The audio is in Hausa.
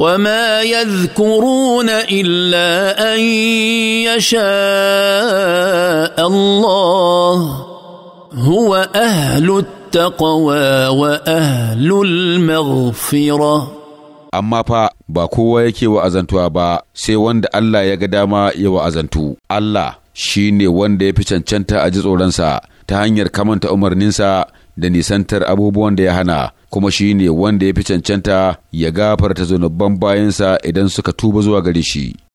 وما يذكرون الا ان يشاء الله هو اهل التقوى واهل المغفره amma fa ba kowa yake wa'azantuwa ba sai wanda Allah ya ga dama ya wa'azantu Allah shi ne wanda ya fi cancanta a ji tsoronsa ta hanyar kamanta umarninsa da nisantar abubuwan da ya hana kuma shi ne wanda ya fi cancanta ya gafarta zunuban bayansa idan suka tuba zuwa gare shi.